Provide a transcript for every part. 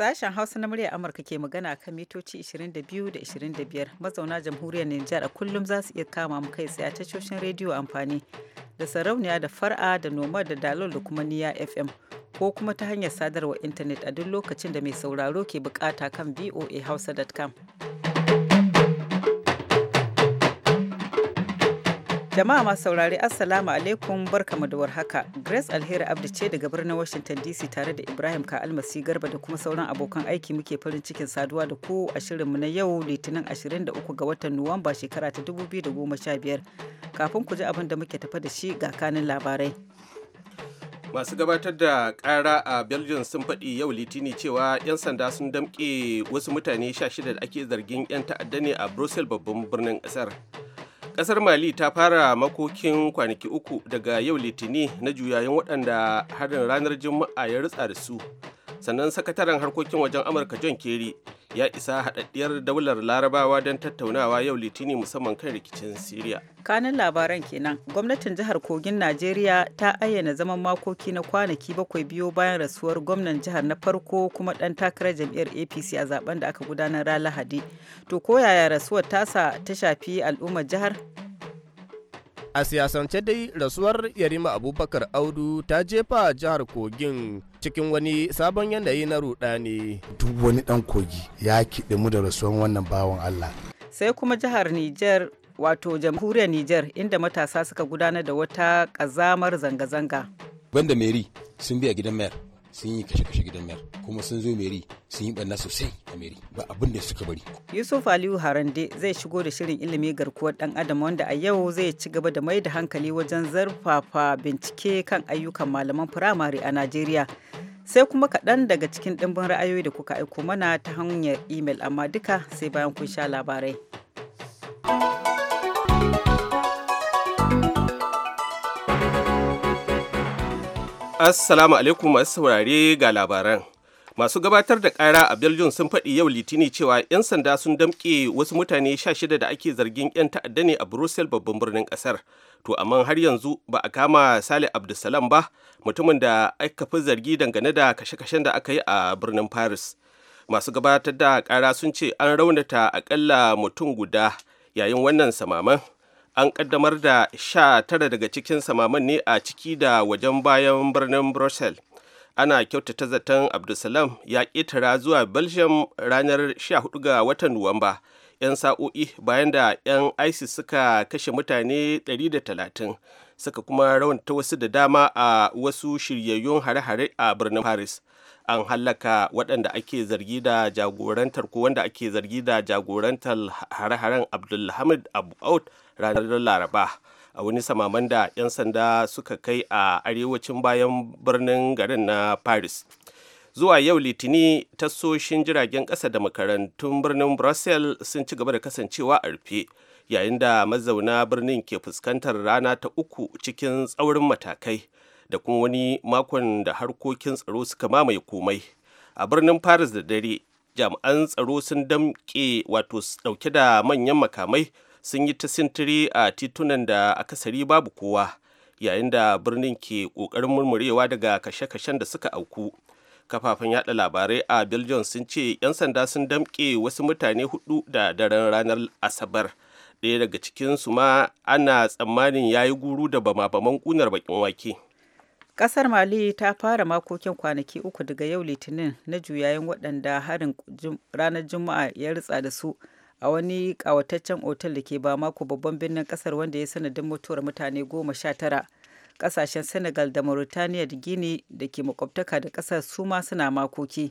Sashen Hausa na muryar Amurka ke magana kan mitoci 22 da 25 mazauna jamhuriyar Nijar a kullum za su iya kama mu kai tsaye a tashoshin rediyo amfani da sarauniya da far'a da noma da dalol da kuma niya FM ko kuma ta hanyar sadarwa intanet a duk lokacin da mai sauraro ke bukata kan voa voahausa.com. Jama'a masu saurare Assalamu alaikum barkamu da warhaka. Grace Alheri Abdi ce daga birnin Washington DC tare da Ibrahim Ka Almasi Garba da kuma sauran abokan aiki muke farin cikin saduwa da ku a shirinmu na yau Litinin 23 ga watan Nuwamba shekara ta 2015. Kafin ku ji abin da muke tafa da shi ga kanin labarai. Masu gabatar da kara a Belgium sun faɗi yau Litini cewa 'yan sanda sun damƙe wasu mutane 16 da ake zargin 'yan ta'adda ne a Brussels babban birnin ƙasar. kasar mali ta fara makokin kwanaki uku daga yau litini na juyayin waɗanda harin ranar juma'a ya ritsa da su sannan sakataren harkokin wajen amurka john kerry ya isa haɗaɗɗiyar daular larabawa don tattaunawa yau litini musamman kan rikicin syria kanin labaran kenan gwamnatin jihar kogin najeriya ta ayyana zaman makoki na kwanaki bakwai biyu bayan rasuwar gwamnan jihar na farko kuma ɗan takarar jam'iyyar apc a zaben da aka gudanar ran lahadi to ko yaya rasuwar tasa ta shafi al'ummar jihar a siyasance dai rasuwar yarima abubakar audu ta jefa jihar kogin cikin wani sabon yanayi na rudani. Duk wani ɗan kogi ya kiɗe mu da rasuwan wannan bawan Allah. Sai kuma jihar Nijar wato jamhuriyar Nijar inda matasa suka gudanar da wata ƙazamar zanga-zanga. Gwanda Meri sun biya gidan mayar. sun yi kashe-kashe gidan yar kuma sun zo meri sun yi ɓanna sosai a meri ba abin da suka bari. yusuf aliyu harande zai shigo da shirin ilimi garkuwar ɗan adam wanda a yau zai ci gaba da mai da hankali wajen zarfafa bincike kan ayyukan malaman firamare a najeriya sai kuma kaɗan daga cikin ɗimbin ra'ayoyi da kuka aiko mana ta hanyar imel amma duka sai bayan kun sha labarai. Assalamu alaikum masu saurare ga labaran. Masu gabatar da ƙara a Belgium sun faɗi yau litini cewa 'yan sanda sun damƙe wasu mutane 16 da ake zargin 'yan ta'adda ne a Brussels babban birnin ƙasar. To amma har yanzu ba a kama Sale Abdulsalam ba mutumin da aka fi zargi dangane da kashe-kashen da aka yi a birnin Paris. Masu gabatar da kara sun ce an raunata aƙalla mutum guda yayin wannan samaman an kaddamar da sha tara daga cikin samaman ne a ciki da wajen bayan birnin brussels ana kyautata zaton abdulsalam ya ƙetara zuwa belgium ranar 14 ga watan nuwamba 'yan sa'o'i bayan da 'yan isis suka kashe mutane 130 suka kuma raunta wasu da dama a wasu shiryayyun hare-hare a birnin paris an hallaka waɗanda ake zargi da jagorantar ko wanda ake zargi da jagorantar hare-haren abdulhamid abu ranar laraba a wani samaman da 'yan sanda suka kai a arewacin bayan birnin garin na paris zuwa yau litini tasoshin jiragen kasa da makarantun birnin brussels sun ci gaba da kasancewa a rufe yayin da mazauna birnin ke fuskantar rana ta uku cikin tsaurin matakai da kuma wani makon da harkokin tsaro suka mamaye komai a birnin paris da dare jami'an tsaro sun damke wato dauke da manyan makamai sun yi ta sintiri a titunan da akasari babu kowa yayin da birnin ke ƙoƙarin murmurewa daga kashe-kashen da suka auku kafafen yada labarai a belgium sun ce 'yan sanda sun damƙe wasu mutane hudu da daren ranar asabar ɗaya daga cikinsu ma ana tsammanin ya yi guru da bama-baman ƙunar bakin wake ƙasar mali ta fara makokin kwanaki uku daga yau litinin na juyayin waɗanda harin ranar juma'a ya ritsa da su a wani ƙawataccen otal da ke ba Bamako babban birnin ƙasar wanda ya sanadin mutuwar mutane goma sha tara. Ƙasashen Senegal da Mauritania da Guinea da ke makwabtaka da ƙasar su ma suna makoki.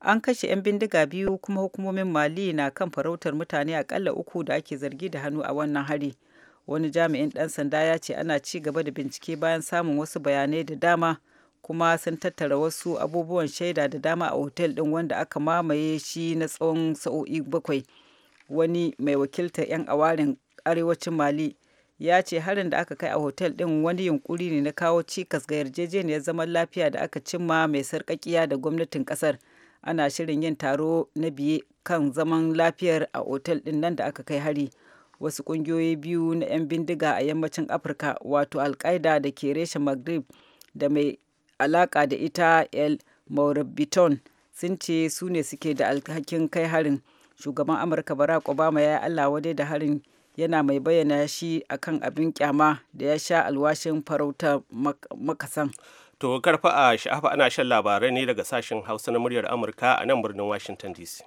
An kashe 'yan bindiga biyu kuma hukumomin Mali na kan farautar mutane akalla uku da ake zargi da hannu a wannan hari. Wani jami'in ɗan sanda ya ce ana ci gaba da bincike bayan samun wasu bayanai da dama. kuma sun tattara wasu abubuwan shaida da dama a otel ɗin wanda aka mamaye shi na tsawon sa'o'i bakwai wani mai wakiltar 'yan awarin arewacin mali ya ce harin da aka kai a hotel din wani yunkuri ne na kawo cikas ga yarjejeniyar zaman lafiya da aka cimma mai sarkakiya da gwamnatin kasar ana shirin yin taro na biye kan zaman lafiyar a otel din nan da aka kai hari wasu kungiyoyi biyu na 'yan bindiga a yammacin afirka wato alkaida da ke reshe maghrib da mai alaka da ita el mauribiton sun ce su ne suke da alhakin kai harin shugaban amurka barack obama ya yi allah wadai da harin yana mai bayyana shi akan abin kyama da ya sha alwashin farauta makasan to karfa a sha'afa ana shan labarai ne daga sashen hausa na muryar amurka a nan birnin washington dc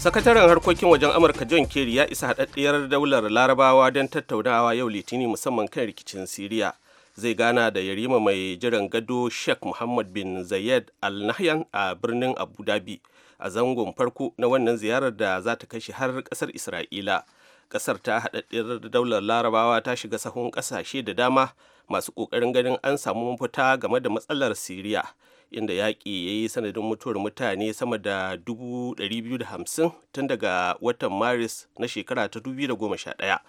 sakataren harkokin wajen amurka john kerry ya isa haɗaɗɗiyar daular larabawa don tattaunawa yau litini musamman kan rikicin siriya zai gana da yarima mai jiran gado sheikh muhammad bin zayed al nahyan a birnin abu dhabi a zangon farko na wannan ziyarar da za ta kashe har kasar isra'ila kasar ta haɗaɗɗiyar daular larabawa ta shiga sahun ƙasashe da dama masu ƙoƙarin ganin an samu mafita game da matsalar siriya inda yaƙi ya yi sanadin mutuwar mutane sama da 250 tun daga watan maris na shekara ta 2011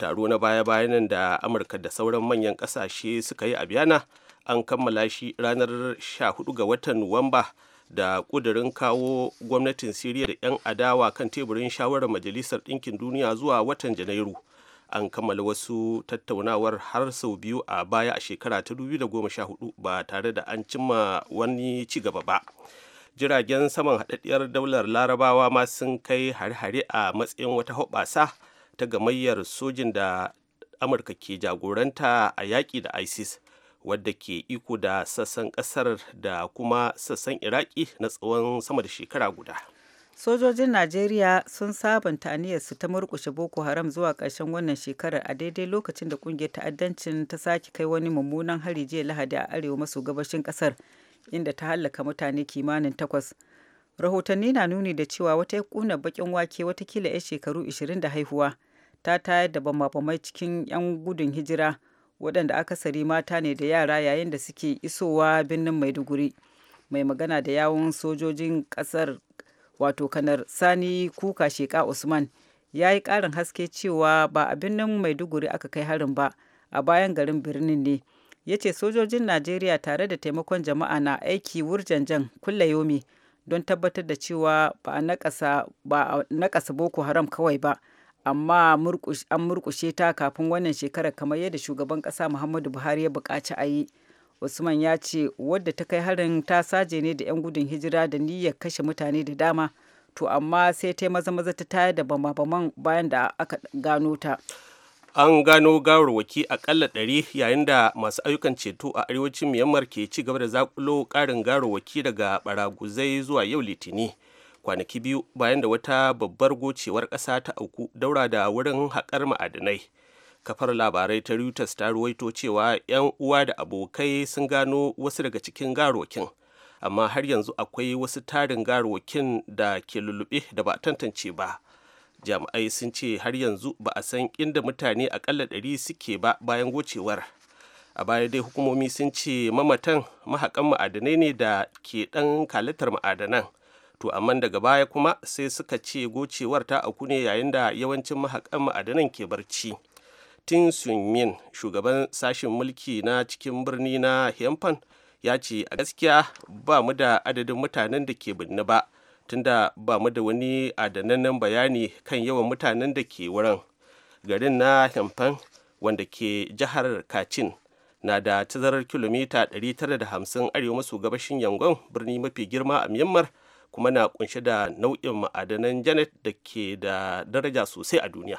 taro na baya-bayan da amurka da sauran manyan kasashe suka yi a biyana an kammala shi ranar 14 ga watan nuwamba da kudurin kawo gwamnatin siriya da 'yan adawa kan teburin shawarar majalisar ɗinkin duniya zuwa watan janairu an kammala wasu tattaunawar har sau biyu a baya a shekara ta 2014 ba tare da an cimma wani ci gaba ba jiragen saman haɗaɗɗiyar daular larabawa ma sun kai hare-hare a matsayin wata hoɓasa ta gamayyar sojin da amurka ke jagoranta a yaƙi da isis wadda ke iko da sassan ƙasar da kuma sassan iraki na tsawon sama da shekara guda sojojin najeriya sun sabunta su ta murkushe boko haram zuwa ƙarshen wannan shekarar a daidai lokacin da ƙungiyar ta'addancin ta sake kai wani mummunan hari jiya lahadi a arewa maso gabashin ƙasar inda ta hallaka mutane kimanin takwas rahotanni na nuni da cewa wata ya kuna bakin wake watakila 'yan shekaru 20 da haihuwa ta tayar da bama cikin 'yan gudun hijira waɗanda akasari mata ne da yara yayin da suke isowa birnin maiduguri mai magana da yawon sojojin ƙasar wato kanar sani kuka sheka usman ya yi ƙarin haske cewa ba a birnin maiduguri aka kai harin ba a bayan garin birnin ne ya ce sojojin najeriya tare da taimakon jama'a na aiki wurjanjan kulle yomi don tabbatar da cewa ba a nakasa boko haram kawai ba amma an murkushe ta kafin wannan shekarar kamar yadda shugaban kasa muhammadu buhari ya bukaci a yi usman ya ce wadda ta kai harin ta saje ne da 'yan gudun hijira da niyyar kashe mutane da dama to amma sai ta maza maza ta tayar da bama-baman bayan da aka gano ta an gano gawarwaki akalla ɗari yayin da masu ayyukan ceto a arewacin myanmar ke ci gaba da zakulo ƙarin gawarwaki daga baraguzai zuwa yau litini. kwanaki biyu bayan da wata babbar gocewar ƙasa ta auku daura da wurin haƙar ma'adinai kafar labarai ta reuters ta ruwaito cewa 'yan uwa da abokai sun gano wasu daga cikin garokin amma har yanzu akwai wasu tarin garokin da ke lulluɓe da ba tantance ba jami'ai sun ce har yanzu ba a san inda mutane akalla ɗari suke ba bayan gocewar a baya dai hukumomi sun ce mamatan mahaƙan ma'adanai ne da ke ɗan kalatar ma'adanan to amma daga baya kuma sai suka ce gocewar ta auku ne yayin da yawancin mahakan ma'adanan ke barci tin sunmin shugaban sashen mulki na cikin birni na hempan ya ce a gaskiya ba mu da adadin mutanen da ke binne ba tunda ba mu da wani adanannen bayani kan yawan mutanen da ke wurin garin na hempan wanda ke jihar kacin na da tazarar kilomita 950 arewa maso gabashin yangon birni mafi girma a myanmar kuma na kunshe da nau'in ma'adanan janet da ke da daraja sosai a duniya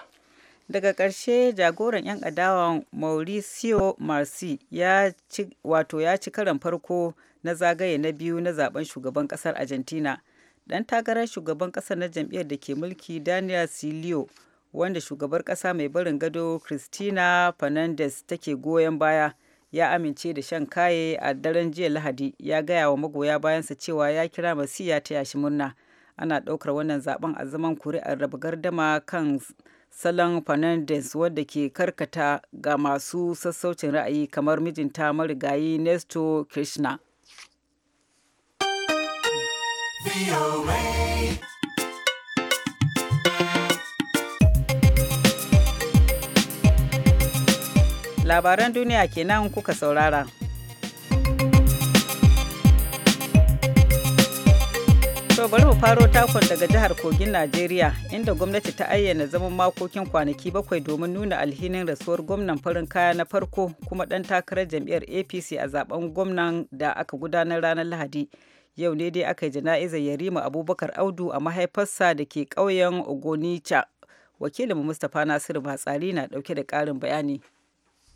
daga ƙarshe jagoran 'yan adawan mauricio marci ya ci wato ya ci karan farko na zagaye na biyu na zaben shugaban ƙasar argentina ɗan tagarar shugaban ƙasar na jam'iyyar da ke mulki daniel silio wanda shugabar ƙasa mai barin gado cristina fernandez take goyon baya ya amince da shan kaye a daren jiya lahadi ya gaya wa magoya bayansa cewa ya kira masiya ta yashi murna ana ɗaukar wannan zaben a zaman kuri'ar raba gardama kan salon fernandez wadda ke karkata ga masu sassaucin ra'ayi kamar mijinta marigayi nesto krishna labaran duniya kenan kuka saurara. To bari mu faro takon daga jihar Kogin Najeriya inda gwamnati ta ayyana zaman makokin kwanaki bakwai domin nuna alhinin rasuwar gwamnan farin kaya na farko kuma ɗan takarar jam'iyyar APC a zaben gwamnan da aka gudanar ranar Lahadi. Yau ne dai aka yi jana'izar Yarima Abubakar Audu a mahaifarsa da ke ƙauyen Ogonicha. Wakilin Mustapha Nasiru Batsari na ɗauke da ƙarin bayani.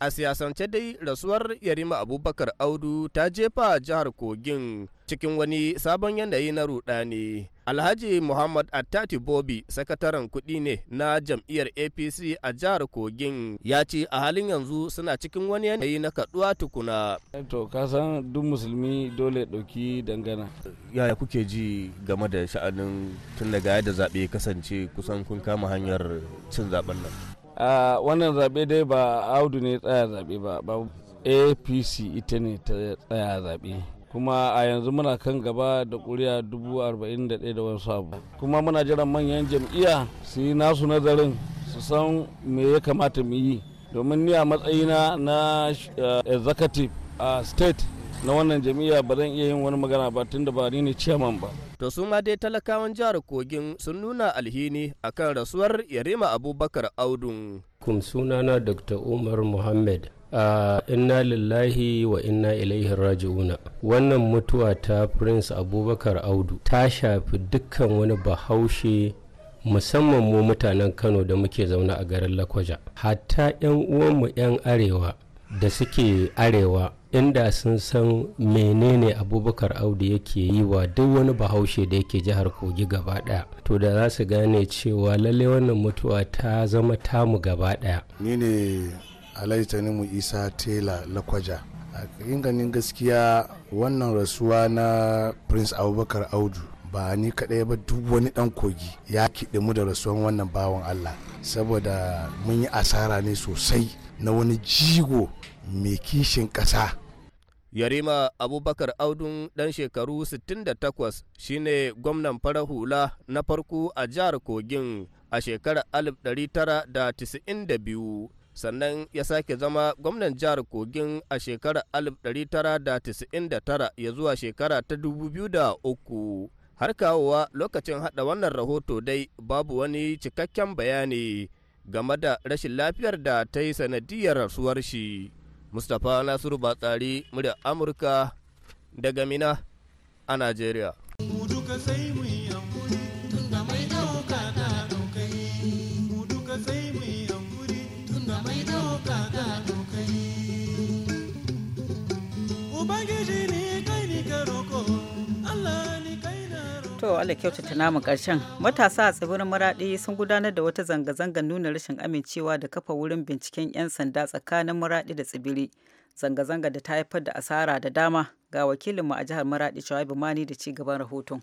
A siyasance dai rasuwar Yarima Abubakar Audu ta jefa jihar Kogin cikin wani sabon yanayi na rudani. Alhaji Muhammad Attati Bobi, sakataren kudi ne na jam'iyyar APC a jihar Kogin, ya ce a halin yanzu suna cikin wani yanayi na kaduwa tukuna. To, kasan duk musulmi dole ɗauki dangana. Yaya kuke ji game da sha'anin tun daga da zaɓe kasance kusan kun kama hanyar cin zaɓen nan? wannan zaɓe dai ba audu ne tsaya zaɓe ba ba apc ita ne ta tsaya zaɓe kuma a yanzu muna kan gaba da ƙuri'a dubu da da wasu abu kuma muna jiran manyan jam'iyya su yi nasu nazarin su san me ya kamata mu yi domin ni a matsayina na eh, executive a state na wannan jami'a ba zan iya yin wani magana ba tun da ba ni ne ciyaman ba. To su ma dai talakawan jihar Kogin sun nuna alhini akan rasuwar Yarima Abubakar Audun. Kum sunana Dr. Umar Muhammad. Uh, inna lillahi wa inna ilaihi raji'una wannan mutuwa ta prince abubakar audu ta shafi dukkan wani bahaushe musamman mu mutanen kano da muke zauna a garin lakwaja hatta 'yan uwanmu 'yan arewa da suke arewa inda sun san menene abubakar audu yake yi wa duk wani bahaushe da yake jihar kogi gaba daya to da za su gane cewa lalle wannan mutuwa ta zama tamu gaba daya ni ne alaitanimu isa tela lakwaja a ganin gaskiya wannan rasuwa na prince abubakar audu ba ni kaɗai ba duk wani ɗan kogi ya kiɗe mu da rasuwan wannan bawan allah saboda mun yi asara ne sosai na wani jigo mai kishin ƙasa Yarima Abubakar Audun ɗan shekaru 68 shine gwamnan fara hula na farko a jihar Kogin a shekarar 1992 sannan ya sake zama gwamnan jihar Kogin a shekarar 1999 ya zuwa shekara ta 2003. Har kawowa lokacin haɗa wannan rahoto dai babu wani cikakken bayani game da rashin lafiyar da ta yi sanadiyar rasuwar shi. mustapha nasiru batsari murya amurka daga mina a najeriya mu duka sai mu To Allah kyautata namu karshen. Matasa a tsibirin Maraɗi sun gudanar da wata zanga zanga nuna rashin amincewa da kafa wurin binciken 'yan sanda tsakanin Maraɗi da tsibiri. Zanga-zanga da ta haifar da asara da dama ga wakilinmu a jihar Maraɗi shawabi Mani da ci gaban rahoton.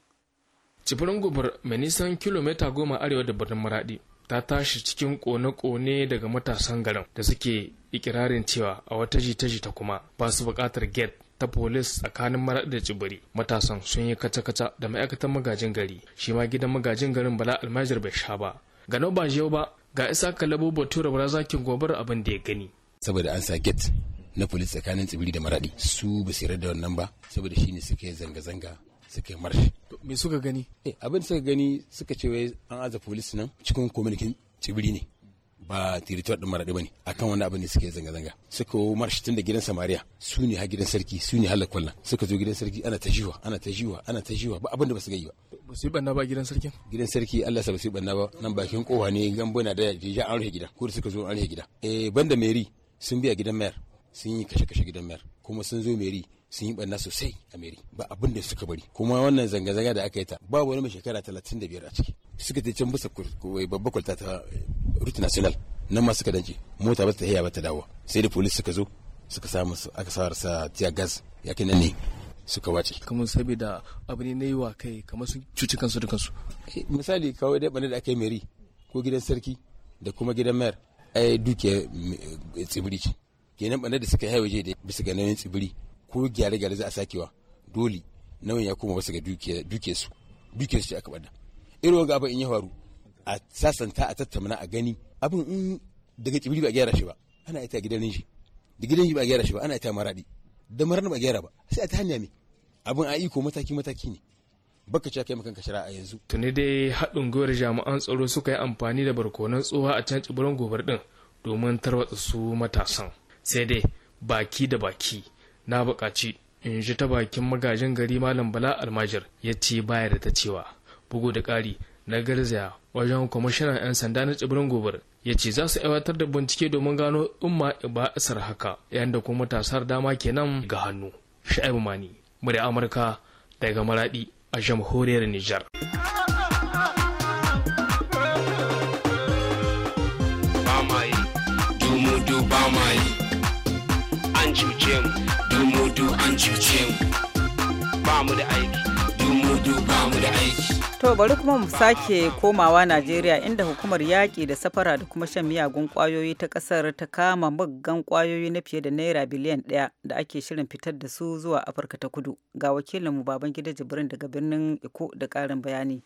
Tsibirin gubar mai nisan kilomita goma arewa da birnin Maraɗi ta tashi cikin kone-kone daga matasan garin da suke ikirarin cewa a wata jita-jita kuma ba su buƙatar get ta polis tsakanin marar da tsibiri matasan sun yi kaca-kaca da ma'aikatan magajin gari shi ma gidan magajin garin bala almajir bai sha ba gano ba yau ba ga isa kalabo batura bura zakin gobar abin da ya gani saboda an sa get na polis tsakanin tsibiri da maraɗi su ba su da wannan ba saboda shine ne suke zanga-zanga suke marshi me suka gani eh abin suka gani suka ce wai an aza polis nan cikin komunikin tsibiri ne ba territory din maraɗi bane akan wani abin da suke zanga-zanga suka wo marshi tun da gidan samariya su ne ha gidan sarki su ne halar kwallon suka zo gidan sarki ana ta jiwa ana ta jiwa ana ta jiwa ba abin da ba su gayi ba ba su yi banna ba gidan sarki gidan sarki Allah sa ba su yi banna ba nan bakin kowa ne gambuna da ya an rufe gida ko suka zo an rufe gida eh banda meri sun biya gidan mayar sun yi kashe-kashe gidan mayar kuma sun zo meri sun yi barna sosai a meri ba abin da suka bari kuma wannan zanga-zanga da aka yi ta babu wani mai shekara talatin da biyar a ciki suka ta can bisa babba kwalta ta eh, route national nan ma suka dace mota ba ta haya ba ta dawo sai da polis suka zo suka samu aka sa tiya gas yakin nan ne suka wace. kamar saboda abu ne na yi wa kai kamar sun cuci kansu da kansu. Eh, misali kawai dai bane da aka yi meri ko gidan sarki da kuma gidan mayar ai dukiya eh, tsibiri ce kenan bane da suka yi waje da bisa ganin tsibiri ko gyare-gyare za a sakewa dole nauyin ya koma wasu ga duke su duke su aka bada irin wanga abin in ya faru a sasanta a tattamana a gani abin in daga tsibiri ba a gyara shi ba ana ita gidan shi da gidan shi ba a gyara shi ba ana ita maradi da marar ba a gyara ba sai a ta hanya ne abin a iko mataki mataki ne baka ce kai makanka a yanzu tuni dai haɗin gwiwar jami'an tsaro suka yi amfani da barkonan tsoha a can tsibirin gobar din domin tarwatsa su matasan sai dai baki da baki na buƙaci in ji ta bakin magajin gari malam bala almajir ya ce baya da ta cewa bugu da ƙari na garzaya wajen kwamishinan 'yan sanda na tsibirin gobar ya ce za su aiwatar da bincike domin gano umma ba isar haka yayin da kuma tasar dama kenan ga hannu sha'ibu mani murya amurka daga maradi a jamhuriyar nijar. to bari kuma mu sake komawa najeriya inda hukumar yaƙi da safara da kuma shan miyagun ƙwayoyi ta ƙasar ta kama muggan ƙwayoyi na fiye da naira biliyan ɗaya da ake shirin fitar da su zuwa afirka ta kudu ga wakilinmu baban gida jibrin daga birnin iko da ƙarin bayani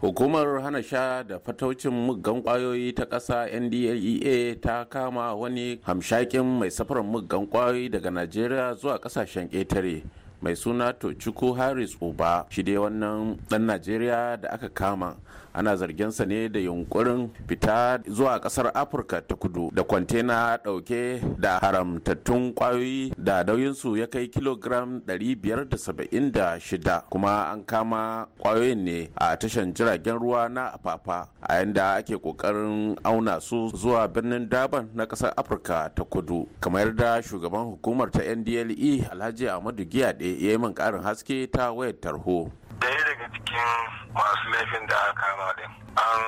hukumar hana sha da fataucin muggan kwayoyi ta ƙasa ndlea ta kama wani hamshakin mai safarar muggan kwayoyi daga najeriya zuwa ƙasashen ƙetare mai suna tochukwu harris uba shi dai wannan ɗan najeriya da aka kama ana sa ne da yunkurin fita zuwa kasar afirka ta kudu da kwantena dauke da haramtattun kwayoyi da nauyinsu ya kai kilogram 576 kuma an kama kwayoyin ne a tashan jiragen ruwa na afafa a yanda ake kokarin auna su zuwa birnin daban na kasar afirka ta kudu kamar da shugaban hukumar ta ndle alhaji ahmadu giyade ya yi min karin haske ta wayar tarho daya daga cikin masu laifin da aka kama din an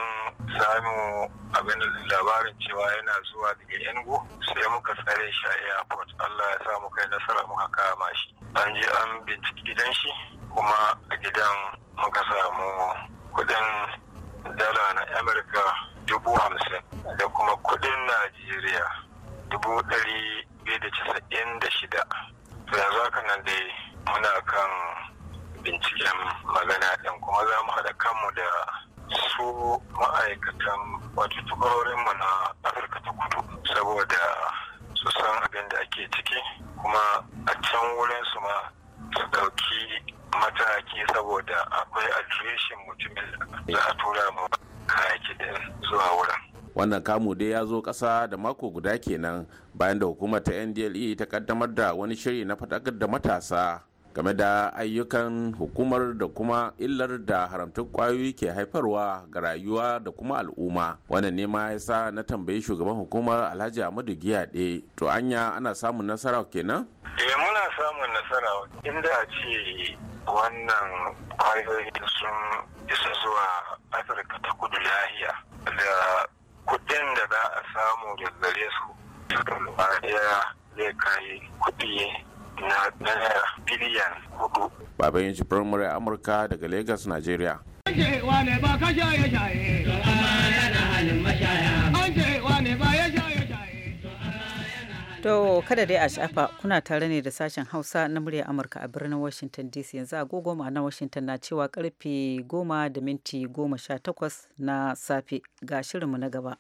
samu abin labarin cewa yana zuwa daga yango sai muka tsare shi a airport allah ya sa muka yi nasara muka kama shi an je an binciki gidan shi kuma a gidan muka samu kudin dala na amurka dubu hamsin da kuma kudin najeriya dubu dari biyu da casa'in da shida yanzu haka nan dai muna kan binciken magana ɗin kuma za mu haɗa kanmu da su ma'aikatan wato mu na afirka ta kudu saboda su san abin da ake ciki kuma a can wurin su ma su ɗauki mataki saboda akwai adireshin mutumin da za a tura mu kayaki da zuwa wurin wannan kamu dai ya zo kasa da mako guda kenan bayan da hukumar ta ndle ta kaddamar da wani shiri na fadakar da matasa game da ayyukan hukumar da kuma illar da haramtun kwayoyi ke haifarwa ga rayuwa da kuma al'umma wannan ne ma yasa na tambayi shugaban hukumar alhaji amadu Giyade? to anya ana samun nasara kenan eh muna samun nasara inda a ce wannan kwayoyi sun isa zuwa afirka ta kudu lahiya da kudin da za a samu da gare su zai kai kudi na naira biliyan hudu. Baban firamare Amurka daga Lagos, Nigeria. To kada dai a shafa kuna tare ne da sashen Hausa na murya Amurka a birnin Washington DC yanzu agogo na Washington na cewa karfe goma da minti goma sha takwas na safe ga shirinmu na gaba.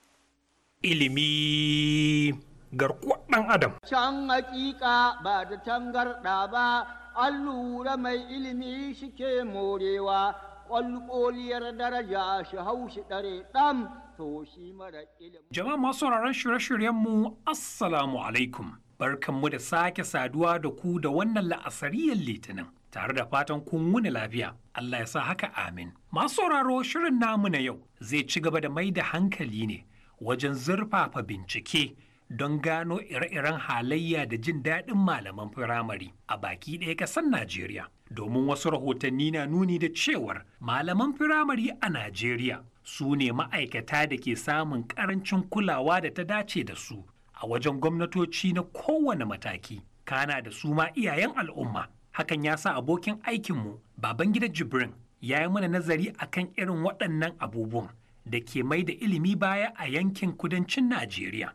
Ilimi garkuwar ɗan adam. Can hakika ba da tangarɗa ba, an lura mai ilimi shi ke morewa, ƙwalƙoliyar daraja shi haushi ɗare ɗan to shi mara ilimi. Jama'a masu sauraron shirye-shiryenmu, Assalamu alaikum. Barkanmu da sake saduwa da ku da wannan la'asariyar litinin. Tare da fatan kun wuni lafiya, Allah ya sa haka amin. Masu sauraro shirin namu na yau zai ci gaba da mai da hankali ne wajen zurfafa bincike don gano ire-iren halayya da jin daɗin malaman firamare a baki ɗaya ƙasar Najeriya. Domin wasu rahotanni na nuni da cewar malaman firamare a Najeriya su ne ma'aikata da ke samun ƙarancin kulawa da ta dace da su a wajen gwamnatoci na kowane mataki, kana da su ma iyayen al'umma. Hakan ya sa abokin aikinmu Babangida Jibrin ya yi mana nazari akan irin waɗannan abubuwan. da ke mai da ilimi baya a yankin kudancin Najeriya.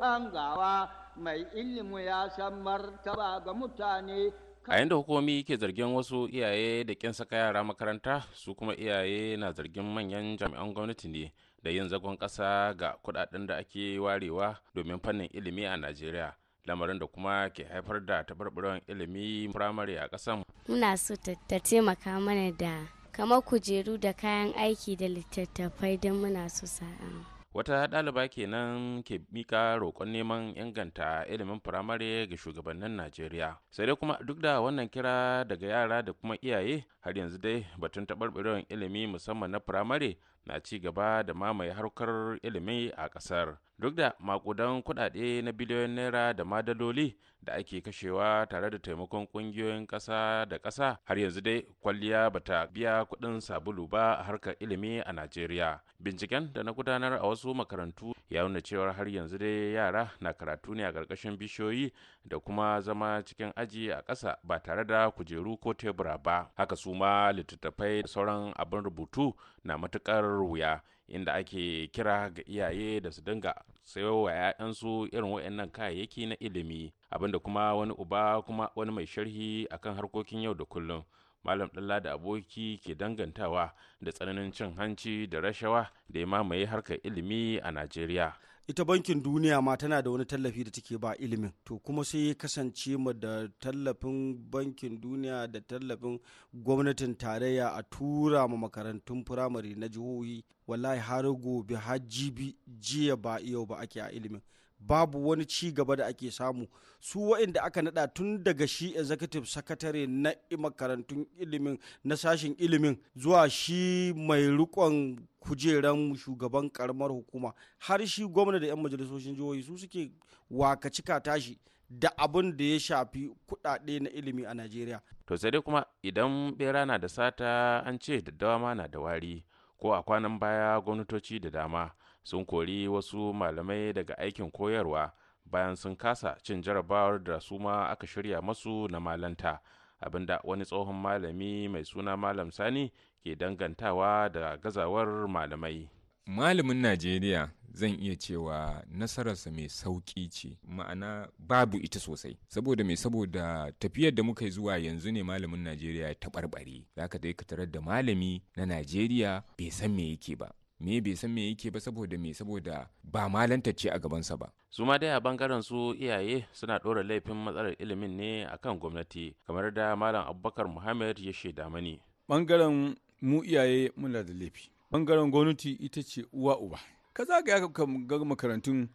hangawa mai ilimi ya san martaba ga mutane a yadda hukumomi ke zargin wasu iyaye da kin saka yara makaranta su kuma iyaye na zargin manyan jami'an gwamnati ne da yin zagon ƙasa ga kudaden da ake warewa domin fannin ilimi a najeriya lamarin da kuma ke haifar da taɓarɓarewar ilimi firamare a ƙasar muna so ta taimaka mana da kamar kujeru da kayan aiki da littattafai don muna su sa'a. wata ɗaliba kenan ke mika roƙon neman inganta ilimin firamare ga shugabannin najeriya sai dai kuma duk da wannan kira daga yara da kuma iyaye har yanzu dai batun taɓarɓarewar ilimi musamman na firamare na ci gaba da mamaye harkar ilimi a ƙasar duk da makudan kudade na biliyoyin naira da madaloli da ake kashewa tare da taimakon ƙungiyoyin ƙasa da ƙasa har yanzu dai kwalliya ba ta biya kuɗin sabulu ba a harkar ilimi a najeriya binciken da na gudanar a wasu makarantu ya nuna cewar har yanzu dai yara na karatu ne a ƙarƙashin bishiyoyi da kuma zama cikin aji a ƙasa ba tare da kujeru ko tebura ba haka su ma littattafai da sauran abin rubutu na matuƙar wuya inda ake kira ga iyaye da su dinga sai wa 'ya'yansu irin waɗannan kayayyaki na ilimi abinda kuma wani uba kuma wani mai sharhi akan harkokin yau da kullum malam ɗalla da aboki ke dangantawa da tsananin cin hanci da rashawa da ya mamaye harkar ilimi a najeriya ita bankin duniya ma tana da wani tallafi da take ba ilimin to kuma sai ya kasance mu da tallafin bankin duniya da tallafin gwamnatin tarayya a tura ma makarantun firamare na jihohi wallahi har gobe har jibi jiya ba yau ba ake a ilimin babu wani ci gaba da ake samu su waɗanda aka nada tun daga shi executive secretary na makarantun ilimin na sashen ilimin zuwa shi mai rikon kujeran shugaban karamar hukuma har shi gwamna da 'yan majalisoshin jihohi su suke wakacika tashi da abin da ya shafi kudade na ilimi a najeriya to sai dai kuma idan bera na da sata an ce da ma na da wari ko a kwanan baya gwamnatoci da dama sun kori wasu malamai daga aikin koyarwa bayan sun kasa cin jarabawar da su ma aka shirya masu na malanta abinda wani tsohon malami mai suna malam sani ke dangantawa da gazawar malamai malamin najeriya zan iya cewa nasararsa mai sauƙi ce ma'ana babu ita sosai saboda mai saboda tafiyar da muka yi zuwa yanzu ne malamin najeriya ya taɓarɓare za ka dai ka tarar da malami na najeriya bai san me yake ba me bai san me yake ba saboda me saboda ba malantacce a gabansa ba su ma dai a bangaren su iyaye suna ɗora laifin matsalar ilimin ne akan gwamnati kamar da malam abubakar muhammad ya shaida mani bangaren mu iyaye muna da laifi bangaren gwamnati ita ce uwa uba ka zaga ya ga makarantun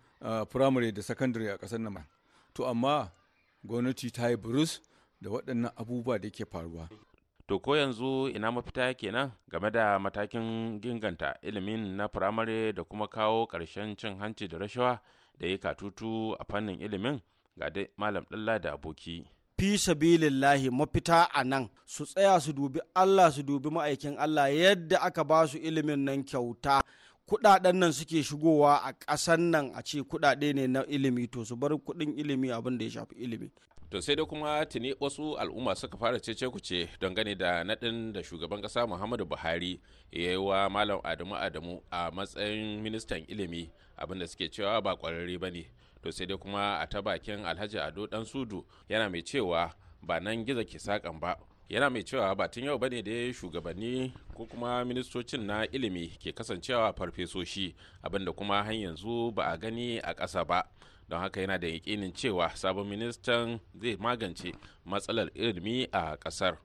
firamare da sakandare a ƙasar nan to amma gwamnati ta yi burus da waɗannan abubuwa da ke faruwa To ko yanzu ina mafita nan game da matakin ginganta ilimin na firamare da kuma kawo ƙarshen cin hanci da rashawa da ya katutu a fannin ilimin ga dai malam ɗalla da aboki. fi sabilillahi mafita a nan su tsaya su dubi Allah su dubi ma'aikin Allah yadda aka ba su ilimin nan kyauta kudaden nan suke shigowa a ƙasan nan a ce kudade ne na ilimi to su bar kudin ilimi abin da ya shafi ilimi to sai dai kuma tuni wasu al'umma suka fara cece kuce don gane da nadin da shugaban kasa muhammadu buhari ya yi wa malam adamu adamu a matsayin ministan ilimi abinda suke cewa ba kwararre ba ne to sai dai kuma a ta bakin alhaji ado dan sudu yana mai cewa ba nan gizo ke sakan ba yana mai cewa ba tun yau bane da shugabanni ko kuma ministocin na ilimi ke kasancewa farfesoshi abinda kuma har yanzu ba a gani a ƙasa ba don haka yana da yakinin cewa sabon ministan zai magance matsalar ilimi a kasar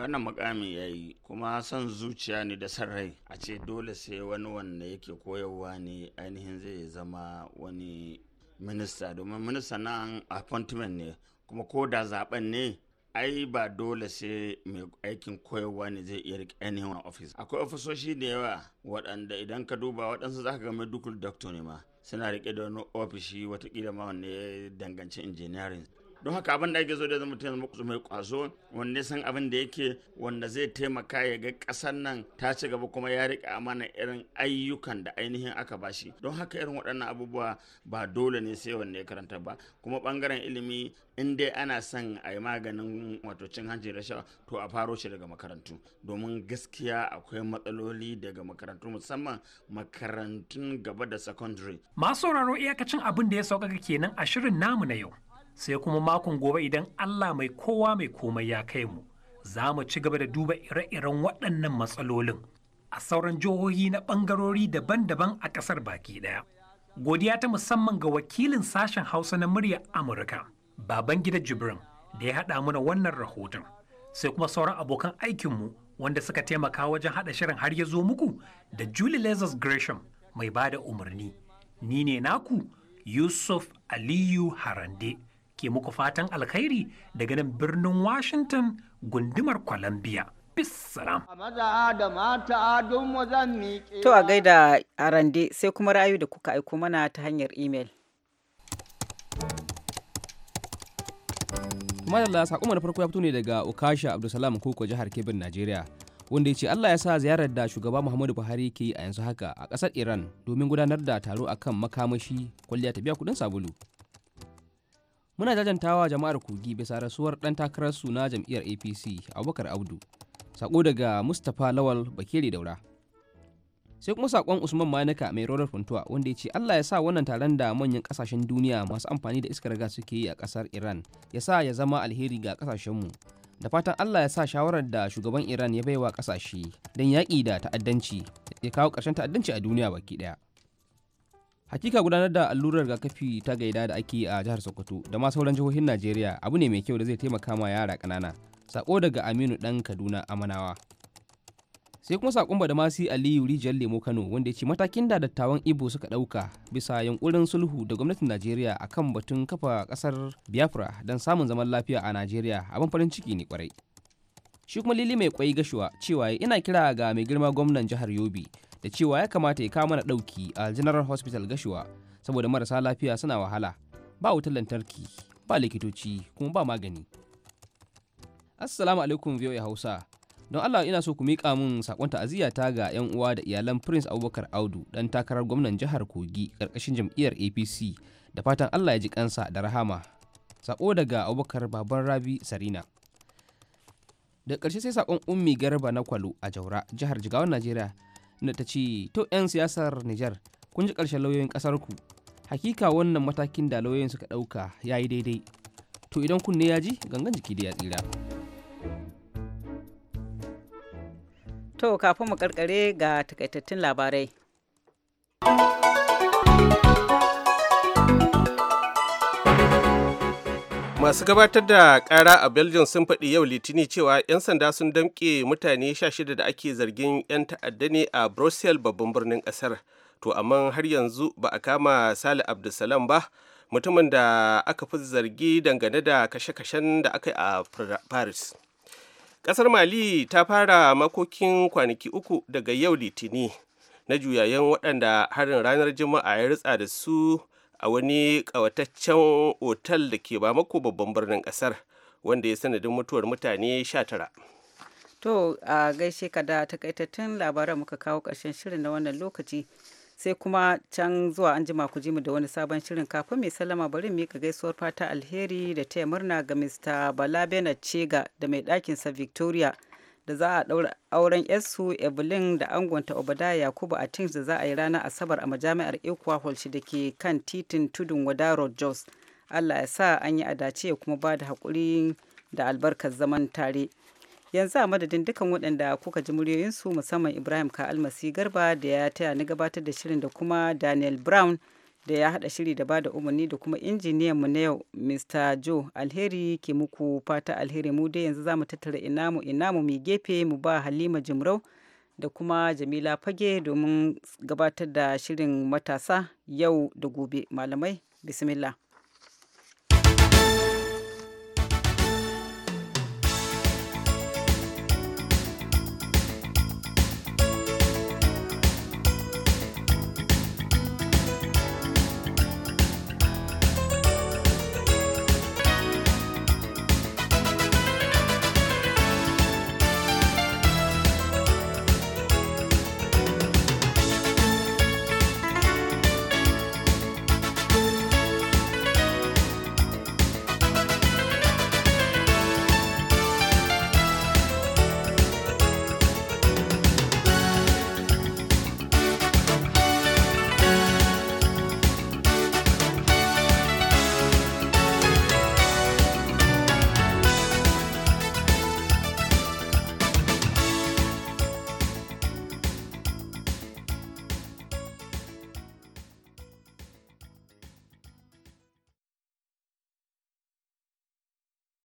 wannan mukamin ya yi kuma son zuciya ne da san rai a ce dole sai wani wanda yake koyarwa ne ainihin zai zama wani minista domin minista nan appointment ne kuma ko da zaben ne ai ba dole sai mai aikin koyarwa ne zai iya rike ainihin wani ofis akwai ofisoshi da yawa waɗanda idan ka duba waɗansu za ka ga medical doctor ne ma suna rike da wani ofishi watakila ma wanda ya danganci engineering don haka abin da ake so da mutum taimaka mai kwazo wanda san abin da yake wanda zai taimaka ya ga ƙasar nan ta ci gaba kuma ya rika amana irin ayyukan da ainihin aka bashi don haka irin waɗannan abubuwa ba dole ne sai wanda ya karanta ba kuma ɓangaren ilimi in dai ana son a yi maganin wato cin hanci da shawa to a faro shi daga makarantu domin gaskiya akwai matsaloli daga makarantu musamman makarantun gaba da secondary masu sauraro iyakacin abin da ya sauƙaƙa kenan a shirin namu na yau sai kuma makon gobe idan Allah mai kowa mai komai ya kai mu za mu ci gaba da duba ire-iren waɗannan matsalolin a sauran jihohi na ɓangarori daban-daban a ƙasar baki ɗaya. Godiya ta musamman ga wakilin sashen Hausa na murya Amurka, baban Babangida Jibrin, da ya haɗa mana wannan rahoton. Sai kuma sauran abokan aikinmu wanda suka taimaka wajen haɗa shirin har ya zo muku da Julie Lazarus Gresham mai ba da umarni. Ni ne naku Yusuf Aliyu Harande. ke muku fatan alkhairi daga nan birnin Washington gundumar Columbia. Bissalam. To a gaida arande sai kuma rayu da kuka aiko mana ta hanyar imel. Madalla sakuma da farko ya fito ne daga Okasha Abdulsalam Koko jihar Kebbi Najeriya. wanda ya ce Allah ya sa ziyarar da shugaba Muhammadu Buhari ke yi a yanzu haka a kasar Iran domin gudanar da taro akan makamashi kwalliya ta biya kuɗin sabulu. muna jajantawa jama'ar kogi bisa rasuwar ɗan takarar suna jam'iyyar apc a abubakar abdu sako daga mustapha lawal bakeri daura sai kuma sakon usman manika mai rorar funtuwa wanda ya ce allah ya sa wannan taron da manyan kasashen duniya masu amfani da iskar gas suke yi a kasar iran ya sa ya zama alheri ga kasashenmu da fatan allah ya sa shawarar da shugaban iran ya baiwa kasashe don yaƙi da ta'addanci ya kawo ƙarshen ta'addanci a duniya baki ɗaya hakika gudanar da allurar rigakafi ta gaida da ake a jihar sokoto da ma sauran jihohin najeriya abu ne mai kyau da zai taimaka ma yara kanana sako daga aminu dan kaduna amanawa sai kuma sakon badamasi aliyu rijiyar lemo kano wanda ya ce matakin da dattawan ibo suka dauka bisa yankurin sulhu da gwamnatin najeriya kan batun kafa kasar biafra don samun zaman lafiya a najeriya abin farin ciki ne kwarai shi kuma lili mai kwai gashuwa cewa ina kira ga mai girma gwamnan jihar yobe da cewa ya kamata ya kama mana ɗauki a general hospital gashuwa saboda marasa lafiya suna wahala ba wutar lantarki ba likitoci kuma ba magani assalamu alaikum voa hausa don allah ina so ku miƙa min sakon ta'aziyya ta ga yan uwa da iyalan prince abubakar audu dan takarar gwamnan jihar kogi ƙarƙashin jam'iyyar apc da fatan allah ya ji kansa da rahama saƙo daga abubakar baban rabi sarina da ƙarshe sai saƙon ummi garba na kwalo a jaura jihar Jigawar najeriya da ta ce to 'yan siyasar Nijar kun ji ƙarshen lauyoyin ku hakika wannan matakin da lauyoyin suka ɗauka ya yi daidai to idan kunne ya ji gangan jiki da ya tsira. To kafin mu karkare ga takaitattun labarai. masu gabatar da kara a belgium sun faɗi yau litini cewa 'yan sanda sun damƙe mutane 16 da ake zargin 'yan ta'adda ne a brussels babban birnin ƙasar to amma har yanzu ba a kama sale abdulsalam ba mutumin da aka fi zargi dangane da kashe-kashen da aka yi a paris ƙasar mali ta fara makokin kwanaki uku daga yau litini na juyayen waɗanda harin ranar juma'a ya ritsa da su a wani ƙawataccen otal da ke ba mako babban birnin ƙasar wanda ya sanadin mutuwar mutane sha tara. to a gaishe ka da takaitattun labaran muka kawo ƙarshen shirin na wannan lokaci sai kuma can zuwa an jima ku ji mu da wani sabon shirin kafin mai sallama bari mu ka gaisuwar fata alheri da taya murna ga mista Bala Bena chega da mai ɗakinsa Victoria da za a ɗaura auren yarsu evelyn da angonta obada yakubu a tins da za a yi ranar asabar a majami'ar equahol da ke kan titin tudun wada road jos allah ya sa an yi adace kuma ba da haƙuri da albarkar zaman tare yanzu a madadin dukan waɗanda kuka ji muryoyinsu musamman ibrahim ka almasi garba da ya taya ni gabatar da shirin da kuma daniel brown da ya haɗa shiri da bada umarni da kuma injiniyan mu na yau Mr. Joe Alheri ke muku fata alheri mu dai yanzu zamu tattara inamu mu mai gefe mu ba Halima Jimrau da kuma Jamila Fage domin gabatar da shirin matasa yau da gobe malamai bismillah